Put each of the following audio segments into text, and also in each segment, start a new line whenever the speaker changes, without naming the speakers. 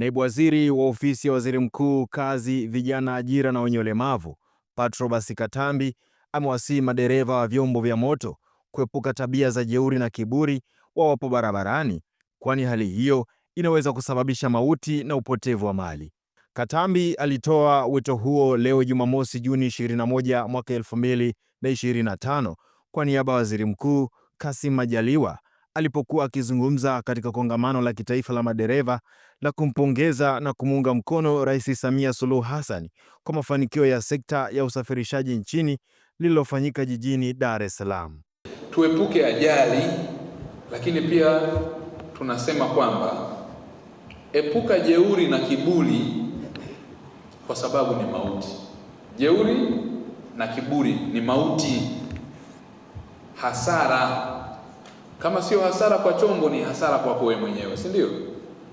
Naibu Waziri wa Ofisi ya Waziri Mkuu, Kazi, Vijana, Ajira na Wenye Ulemavu, Patrobas Katambi amewasihi madereva wa vyombo vya moto kuepuka tabia za jeuri na kiburi wawapo barabarani, kwani hali hiyo inaweza kusababisha mauti na upotevu wa mali. Katambi alitoa wito huo leo Jumamosi, Juni 21 mwaka 2025 kwa niaba ya Waziri Mkuu Kassim Majaliwa alipokuwa akizungumza katika kongamano la kitaifa la madereva la kumpongeza na kumuunga mkono Rais Samia Suluhu Hassan kwa mafanikio ya sekta ya usafirishaji nchini lililofanyika jijini Dar es Salaam.
Tuepuke ajali, lakini pia tunasema kwamba epuka jeuri na kiburi, kwa sababu ni mauti. Jeuri na kiburi ni mauti, hasara kama sio hasara kwa chombo, ni hasara kwako wewe mwenyewe, si ndio?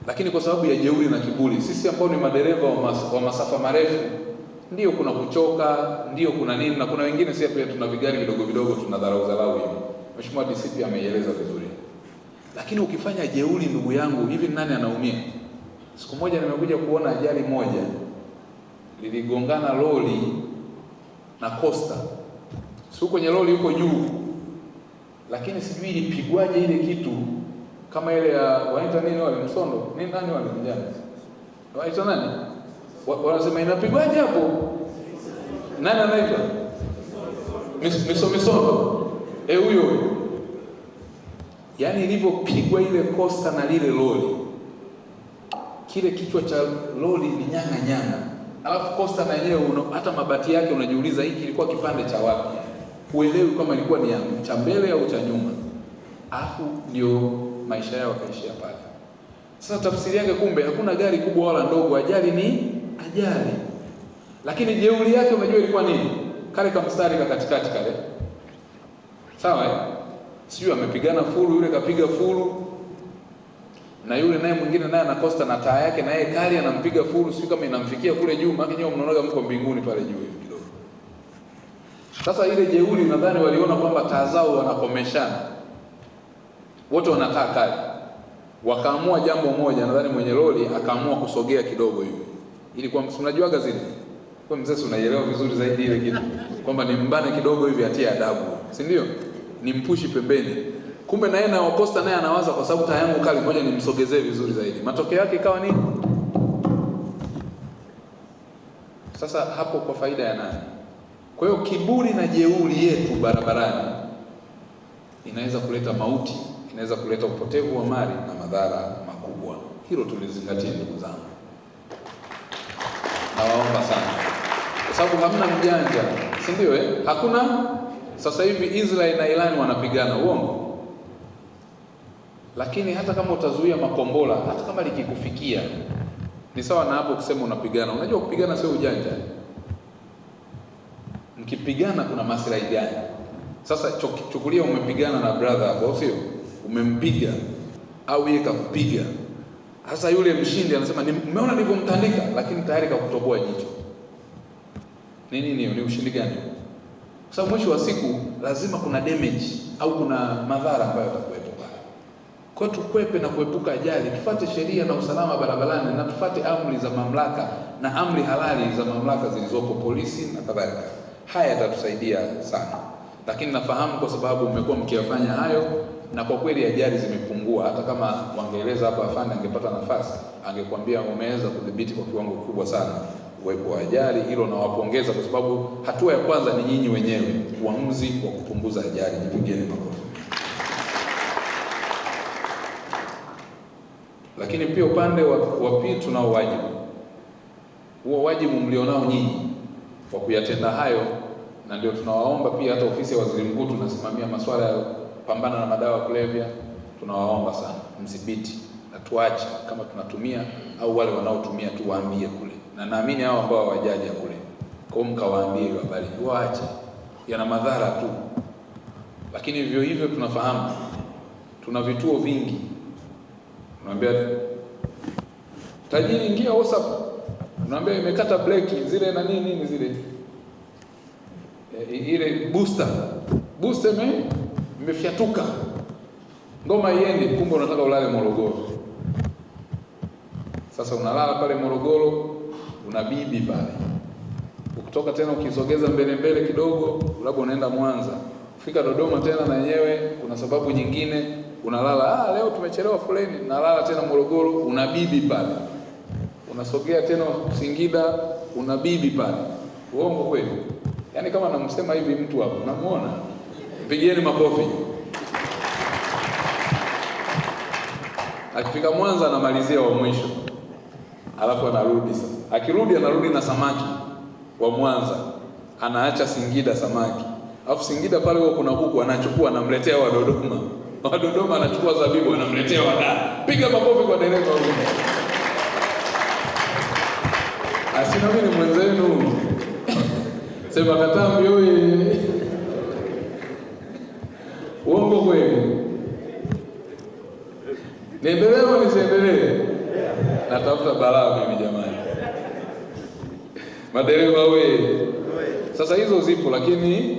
Lakini kwa sababu ya jeuri na kiburi, sisi ambao ni madereva wa, mas, wa masafa marefu, ndio kuna kuchoka, ndio kuna nini, na kuna wengine sisi pia tuna vigari vidogo vidogo, tuna dharau dharau hivi. Mheshimiwa DCP ameieleza vizuri, lakini ukifanya jeuri, ndugu yangu, hivi nani anaumia? Siku moja nimekuja kuona ajali moja, liligongana lori na costa, si kwenye lori yuko juu lakini sijui ilipigwaje ile kitu kama ile ya wanaita nini wale msondo ni nani wale vijana wanaita nani wanasema inapigwaje hapo nani anaitwa miso misondo e huyo yaani ilivyopigwa ile kosta na lile lori kile kichwa cha lori ni nyanga nyanga alafu kosta na yenyewe hata mabati yake unajiuliza hiki ilikuwa kipande cha wapi huelewi kama ilikuwa ni cha mbele au cha nyuma, afu ndio maisha yao yakaishia pale. Sasa tafsiri yake, kumbe hakuna gari kubwa wala ndogo, ajali ni ajali. Lakini jeuri yake unajua ilikuwa nini? Kale mstari ka katikati kale, sawa eh? Sijui amepigana fulu, yule kapiga fulu na yule naye mwingine naye anakosta na taa yake, naye kali anampiga fulu, sijui kama inamfikia kule juu, maana mnaonaga mko mbinguni pale juu hivi sasa ile jeuri, nadhani waliona kwamba taa zao wanakomeshana, wote wanataa kali, wakaamua jambo moja. Nadhani mwenye lori akaamua kusogea kidogo hivi, ili kwa mnajuaga zile kwa mzee, unaielewa vizuri zaidi ile kitu kwamba ni mbane kidogo hivi atie adabu, si ndio? Ni mpushi pembeni, kumbe naye na wakosta naye anawaza kwa sababu taa yangu kali, ngoja nimsogezee vizuri zaidi. Matokeo yake ikawa nini? Sasa hapo kwa faida ya nani? Kwa hiyo kiburi na jeuri yetu barabarani inaweza kuleta mauti, inaweza kuleta upotevu wa mali na madhara makubwa. Hilo tulizingatia ndugu zangu, nawaomba sana, kwa sababu hamna mjanja, si ndio? Eh, hakuna. Sasa hivi Israel na Iran wanapigana, uongo? Lakini hata kama utazuia makombora, hata kama likikufikia, ni sawa na hapo kusema unapigana. Unajua kupigana sio ujanja mkipigana kuna maslahi gani? Sasa chukulia umepigana na brother hapo, sio umempiga au yeye kakupiga. Sasa yule mshindi anasema ni, umeona nilivyomtandika, lakini tayari kakutoboa jicho. Ni nini? Ni ushindi gani? Kwa sababu mwisho wa siku lazima kuna damage au kuna madhara ambayo yatakuwepo pale. Kwa hiyo tukwepe na kuepuka ajali, tufuate sheria na usalama barabarani na tufuate amri za mamlaka na amri halali za mamlaka zilizoko polisi na kadhalika. Haya yatatusaidia sana, lakini nafahamu kwa sababu mmekuwa mkiyafanya hayo, na kwa kweli ajali zimepungua. Hata kama wangeeleza hapa, afande angepata nafasi, angekwambia umeweza kudhibiti kwa kiwango kikubwa sana uwepo wa ajali. Hilo nawapongeza kwa sababu hatua ya kwanza ni nyinyi wenyewe, uamuzi wa kupunguza ajali. Jipigeni makofi. Lakini pia upande wa pili tunao wajibu, huo wajibu mlionao nyinyi kwa kuyatenda hayo, na ndio tunawaomba pia, hata ofisi ya waziri mkuu tunasimamia masuala ya pambana na madawa ya kulevya, tunawaomba sana mdhibiti, tuache kama tunatumia au wale wanaotumia tu waambie kule, na naamini hao ambao hawajaja kule, kwa hiyo mkawaambie habari, waache, yana madhara tu. Lakini vivyo hivyo tunafahamu tuna vituo vingi, unaambia tajiri, ingia WhatsApp unaambia imekata breki zile na nini nini zile e, ile booster booster me imefyatuka, ngoma iende, kumbe unataka ulale Morogoro. Sasa unalala pale Morogoro, una bibi pale. Ukitoka tena ukisogeza mbele mbele kidogo, labda unaenda Mwanza, fika Dodoma tena na yenyewe kuna sababu nyingine unalala. Ah, leo tumechelewa fuleni, nalala tena Morogoro, una bibi pale unasogea tena Singida, una bibi pale. Uongo kweli? Yaani kama namsema hivi mtu hapo, namuona. Pigieni makofi. Akifika Mwanza anamalizia wa mwisho, alafu anarudi sasa. Akirudi anarudi na samaki wa Mwanza, anaacha Singida samaki, alafu Singida pale huko kuna kuku, anachukua anamletea wa Dodoma, wa Dodoma anachukua zabibu anamletea wa Dar. Piga makofi kwa dereva huyo asinami ni mwenzenu sema Katambi oye! Uongo kweli? Niendelee au nisiendelee? Natafuta balaa mimi jamani, madereva we. Sasa hizo zipo, lakini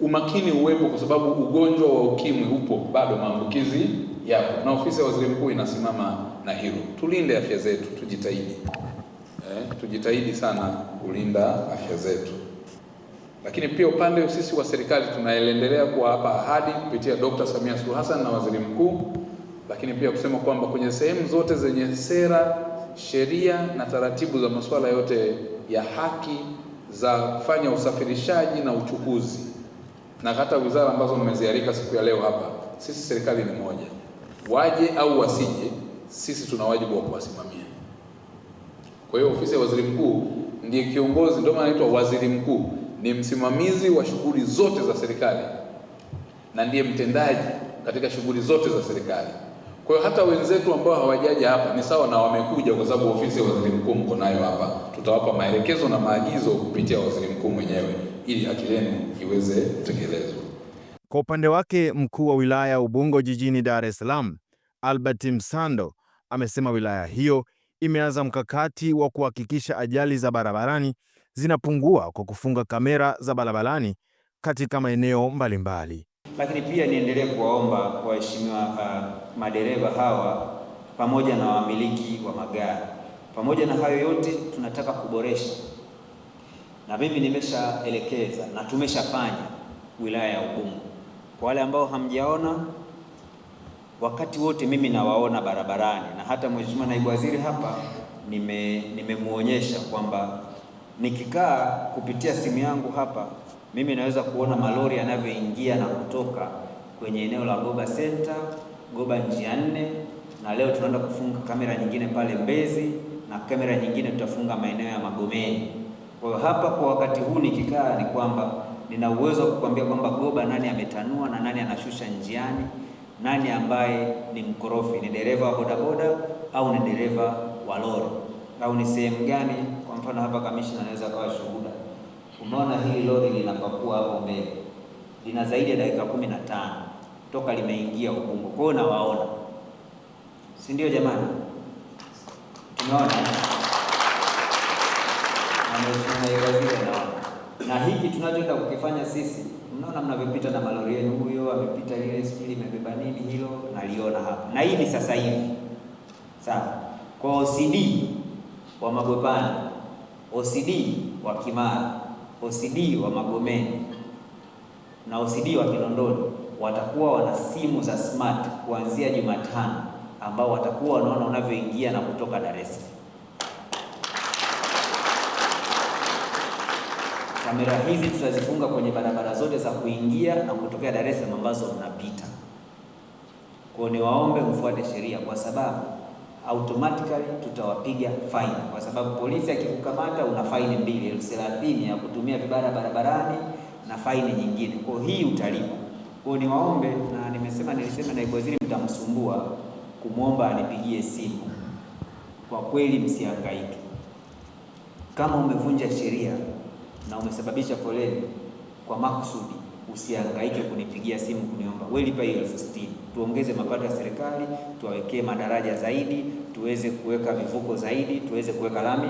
umakini uwepo, kwa sababu ugonjwa wa ukimwi upo bado, maambukizi yapo, na ofisi ya waziri mkuu inasimama na hilo. Tulinde afya zetu, tujitahidi tujitahidi sana kulinda afya zetu. Lakini pia upande sisi wa serikali tunaendelea kuwapa ahadi kupitia Dkt. Samia Suluhu Hassan na Waziri Mkuu, lakini pia kusema kwamba kwenye sehemu zote zenye sera, sheria na taratibu za masuala yote ya haki za kufanya usafirishaji na uchukuzi na hata wizara ambazo mmeziarika siku ya leo hapa, sisi serikali ni moja, waje au wasije, sisi tuna wajibu wa kuwasimamia. Kwa hiyo ofisi ya waziri mkuu ndiye kiongozi, ndio maana anaitwa waziri mkuu, ni msimamizi wa shughuli zote za serikali na ndiye mtendaji katika shughuli zote za serikali. Kwa hiyo hata wenzetu ambao hawajaja hapa ni sawa na wamekuja, kwa sababu ofisi ya waziri mkuu mko nayo hapa. Tutawapa maelekezo na maagizo kupitia waziri mkuu mwenyewe ili haki yenu iweze kutekelezwa.
Kwa upande wake, mkuu wa wilaya ya Ubungo jijini Dar es Salaam, Albert Msando, amesema wilaya hiyo imeanza mkakati wa kuhakikisha ajali za barabarani zinapungua kwa kufunga kamera za barabarani katika maeneo mbalimbali.
Lakini pia niendelee kuwaomba waheshimiwa uh, madereva hawa pamoja na wamiliki wa magari. Pamoja na hayo yote, tunataka kuboresha, na mimi nimeshaelekeza na tumeshafanya wilaya ya Ubungo. Kwa wale ambao hamjaona wakati wote mimi nawaona barabarani, na hata Mheshimiwa Naibu Waziri hapa nimemuonyesha nime kwamba nikikaa kupitia simu yangu hapa mimi naweza kuona malori yanavyoingia na kutoka kwenye eneo la Goba Center, Goba njia nne, na leo tunaenda kufunga kamera nyingine pale Mbezi na kamera nyingine tutafunga maeneo ya Magomeni. Kwa hiyo hapa kwa wakati huu nikikaa, ni kwamba nina uwezo wa kukuambia kwamba Goba nani ametanua na nani anashusha njiani nani ambaye ni mkorofi, ni dereva wa bodaboda au ni dereva wa lori, au ni sehemu gani? Kwa mfano hapa kamishna anaweza kawa shuhuda. Umeona hili lori linapakua hapo mbele, lina zaidi ya dakika kumi na tano toka limeingia Ubungo. Kwa hiyo nawaona, si ndio? Jamani, tumeona na hiki tunachoenda kukifanya sisi Mnaona mnavyopita na malori yenu, huyo amepita ile sijui imebeba nini, hilo naliona hapa na hii ni sasa hivi. Sawa, kwa OCD wa Magopani, OCD wa Kimara, OCD wa Magomeni na OCD wa Kinondoni watakuwa wana simu za smart kuanzia Jumatano, ambao watakuwa wanaona unavyoingia na kutoka Dar es Salaam. Kamera hizi tutazifunga kwenye barabara zote za kuingia na kutokea Dar es Salaam ambazo mnapita. Kwa hiyo niwaombe mfuate sheria, kwa sababu automatically tutawapiga faini, kwa sababu polisi akikukamata una faini mbili, elfu thelathini ya kutumia vibara barabarani na faini nyingine. Kwa hiyo hii utalipa. Kwa hiyo niwaombe, na nimesema nilisema naibu waziri mtamsumbua kumwomba anipigie simu. Kwa kweli msihangaike, kama umevunja sheria na umesababisha foleni kwa makusudi, usihangaike kunipigia simu kuniomba, wewe lipa hiyo elfu sitini tuongeze mapato ya serikali, tuwawekee madaraja zaidi, tuweze kuweka vivuko zaidi, tuweze kuweka lami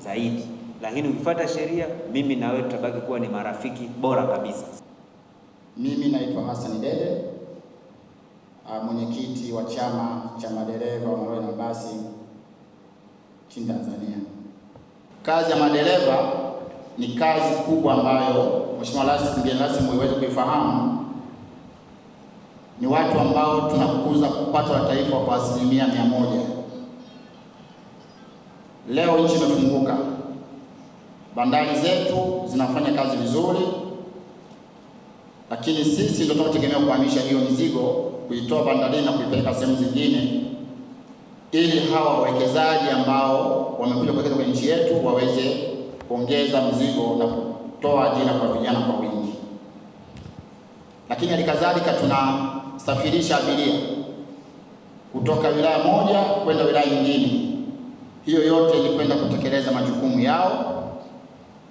zaidi. Lakini ukifuata sheria, mimi na wewe tutabaki kuwa ni marafiki bora kabisa.
Mimi naitwa Hassan Dede, mwenyekiti wa chama cha madereva wa malori na mabasi nchini Tanzania. Kazi ya madereva ni kazi kubwa ambayo Mheshimiwa Rais mgeni rasmi iweze kuifahamu. Ni watu ambao tunakuza pato la taifa kwa asilimia mia moja. Leo nchi imefunguka, bandari zetu zinafanya kazi vizuri, lakini sisi ndio tunategemea kuhamisha hiyo mizigo, kuitoa bandarini na kuipeleka sehemu zingine, ili hawa wawekezaji ambao wamekuja kuwekeza kwenye nchi yetu waweze kuongeza mzigo na kutoa ajira kwa vijana kwa wingi. Lakini halikadhalika tunasafirisha abiria kutoka wilaya moja kwenda wilaya nyingine. Hiyo yote ni kwenda kutekeleza majukumu yao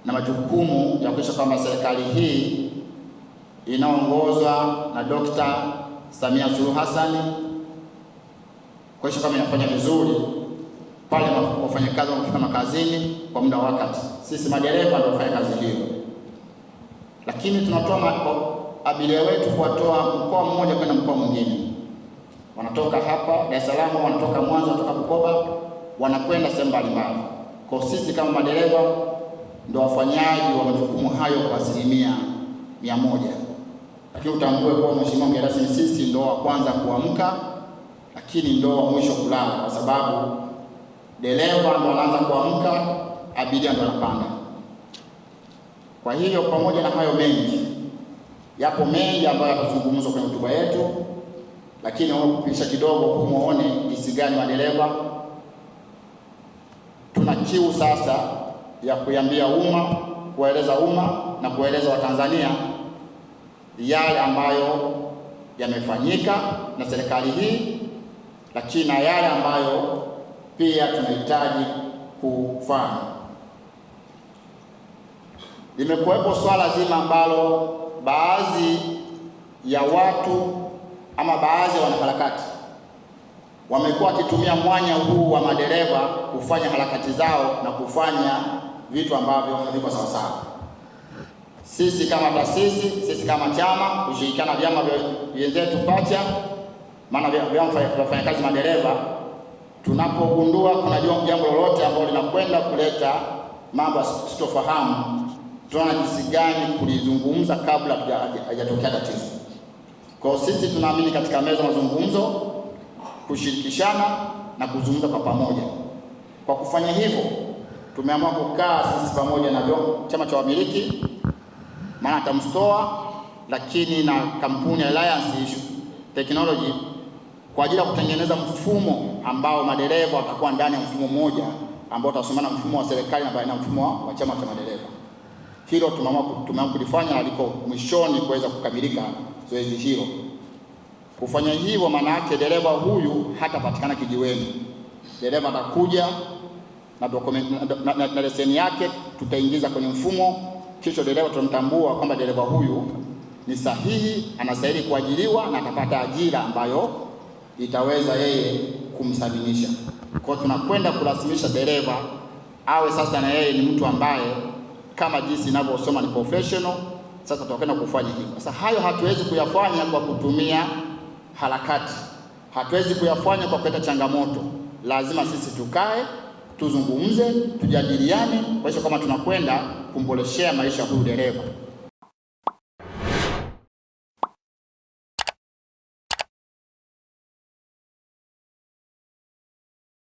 na majukumu ya kuisha kwamba serikali hii inaongozwa na Dkt. Samia Suluhu Hassan kuisha kwamba inafanya vizuri pale wafanyakazi wanafika makazini kwa muda wa wakati. Sisi madereva ndio wafanya kazi hiyo, lakini tunatoa abiria wetu kuwatoa mkoa mmoja kwenda mkoa mwingine. Wanatoka hapa Dar es Salaam, wanatoka Mwanza, wanatoka Bukoba, wanakwenda sehemu mbalimbali. Kwa sisi kama madereva ndio wafanyaji wa majukumu hayo kwa asilimia mia moja, lakini utambue kuwa mheshimiwa mgeni rasmi, sisi ndio wa kwanza kuamka, lakini ndio wa mwisho kulala kwa sababu dereva ndo anaanza kuamka, abiria ndo anapanda. Kwa hiyo pamoja na hayo mengi, yapo mengi ambayo yatazungumzwa kwenye hotuba yetu, lakini kupisha kidogo kumuone jinsi gani madereva tuna kiu sasa ya kuiambia umma, kuwaeleza umma na kuwaeleza Watanzania yale ambayo yamefanyika na serikali hii, lakini na yale ambayo pia tunahitaji kufanya. Limekuwepo swala zima ambalo baadhi ya watu ama baadhi ya wanaharakati wamekuwa wakitumia mwanya huu wa madereva kufanya harakati zao na kufanya vitu ambavyo haviko sawasawa. Sisi kama taasisi, sisi kama chama kushirikiana vyama vyenzetu pacha, maana vyama vya wafanyakazi madereva tunapogundua kuna jambo lolote ambalo linakwenda kuleta mambo sitofahamu, tuna jinsi gani kulizungumza kabla hajatokea tatizo. Kwa sisi tunaamini katika meza mazungumzo, kushirikishana na kuzungumza kwa pamoja. Kwa kufanya hivyo, tumeamua kukaa sisi pamoja na chama cha wamiliki, maana TAMSTOA, lakini na kampuni ya Alliance Technology kwa ajili ya kutengeneza mfumo ambao madereva watakuwa ndani ya mfumo mmoja ambao na mfumo wa serikali na baina mfumo wa chama cha madereva. Hilo tumeamua kulifanya aliko mwishoni kuweza kukamilika zoezi hilo. Kufanya hivyo, maana yake dereva huyu hatapatikana kijiweni. Dereva atakuja na dokumenti na, na, na leseni yake tutaingiza kwenye mfumo, kisha dereva tutamtambua kwamba dereva huyu ni sahihi, anastahili kuajiriwa na atapata ajira ambayo itaweza yeye kumthaminisha. Kwa hiyo tunakwenda kurasimisha dereva awe sasa na yeye ni mtu ambaye kama jinsi inavyosoma ni professional. Sasa tunakwenda kufanya hivyo. Sasa hayo hatuwezi kuyafanya kwa kutumia harakati, hatuwezi kuyafanya kwa kuleta changamoto. Lazima sisi tukae tuzungumze, tujadiliane, kwa hiyo kama tunakwenda kumboreshea maisha huyu dereva.